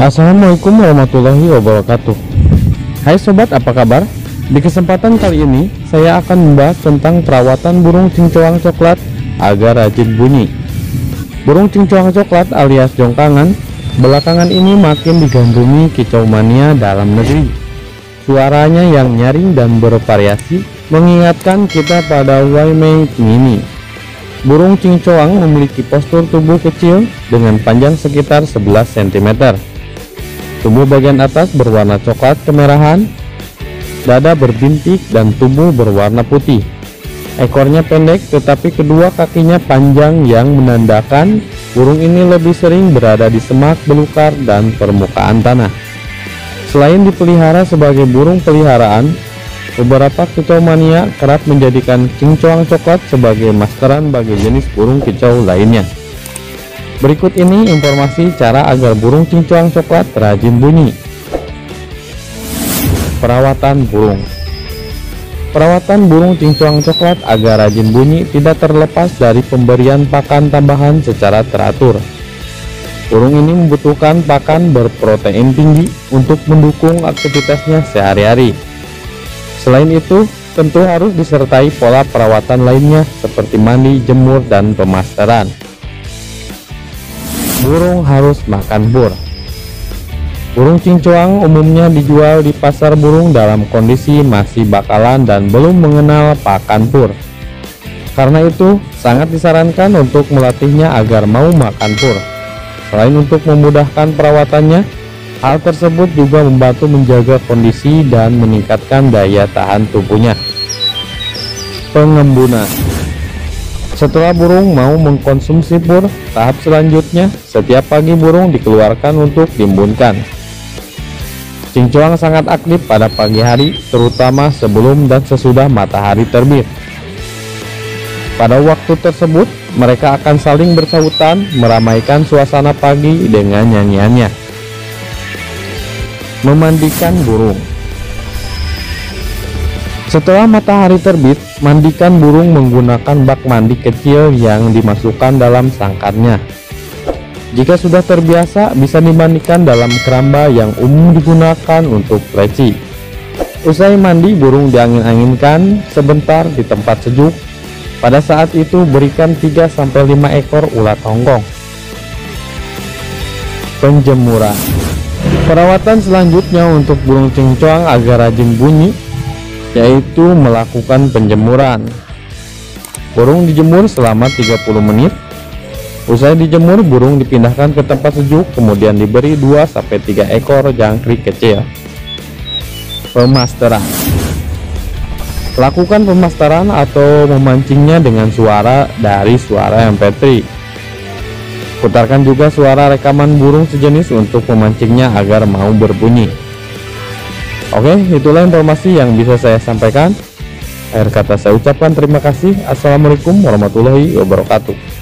Assalamualaikum warahmatullahi wabarakatuh Hai sobat apa kabar? Di kesempatan kali ini saya akan membahas tentang perawatan burung cincuang coklat agar rajin bunyi Burung cincuang coklat alias jongkangan belakangan ini makin digandrungi kicau mania dalam negeri Suaranya yang nyaring dan bervariasi mengingatkan kita pada Waimei mini. Burung cincuang memiliki postur tubuh kecil dengan panjang sekitar 11 cm Tubuh bagian atas berwarna coklat kemerahan, dada berbintik dan tubuh berwarna putih. Ekornya pendek tetapi kedua kakinya panjang yang menandakan burung ini lebih sering berada di semak, belukar, dan permukaan tanah. Selain dipelihara sebagai burung peliharaan, beberapa kicau mania kerap menjadikan kincoang coklat sebagai maskeran bagi jenis burung kicau lainnya. Berikut ini informasi cara agar burung cincuang coklat rajin bunyi. Perawatan burung Perawatan burung cincuang coklat agar rajin bunyi tidak terlepas dari pemberian pakan tambahan secara teratur. Burung ini membutuhkan pakan berprotein tinggi untuk mendukung aktivitasnya sehari-hari. Selain itu, tentu harus disertai pola perawatan lainnya seperti mandi, jemur, dan pemasteran burung harus makan bur. Burung cincuang umumnya dijual di pasar burung dalam kondisi masih bakalan dan belum mengenal pakan pur. Karena itu, sangat disarankan untuk melatihnya agar mau makan pur. Selain untuk memudahkan perawatannya, hal tersebut juga membantu menjaga kondisi dan meningkatkan daya tahan tubuhnya. Pengembunan setelah burung mau mengkonsumsi pur, tahap selanjutnya setiap pagi burung dikeluarkan untuk dimbunkan. Cincuang sangat aktif pada pagi hari, terutama sebelum dan sesudah matahari terbit. Pada waktu tersebut, mereka akan saling bersahutan meramaikan suasana pagi dengan nyanyiannya. Memandikan burung setelah matahari terbit, mandikan burung menggunakan bak mandi kecil yang dimasukkan dalam sangkarnya. Jika sudah terbiasa, bisa dimandikan dalam keramba yang umum digunakan untuk leci. Usai mandi, burung diangin-anginkan sebentar di tempat sejuk. Pada saat itu, berikan 3-5 ekor ulat hongkong. Penjemuran Perawatan selanjutnya untuk burung cincuang agar rajin bunyi yaitu melakukan penjemuran. Burung dijemur selama 30 menit. Usai dijemur, burung dipindahkan ke tempat sejuk kemudian diberi 2-3 ekor jangkrik kecil. Pemasteran Lakukan pemasteran atau memancingnya dengan suara dari suara MP3. Putarkan juga suara rekaman burung sejenis untuk memancingnya agar mau berbunyi. Oke, itulah informasi yang bisa saya sampaikan. Akhir kata saya ucapkan terima kasih. Assalamualaikum warahmatullahi wabarakatuh.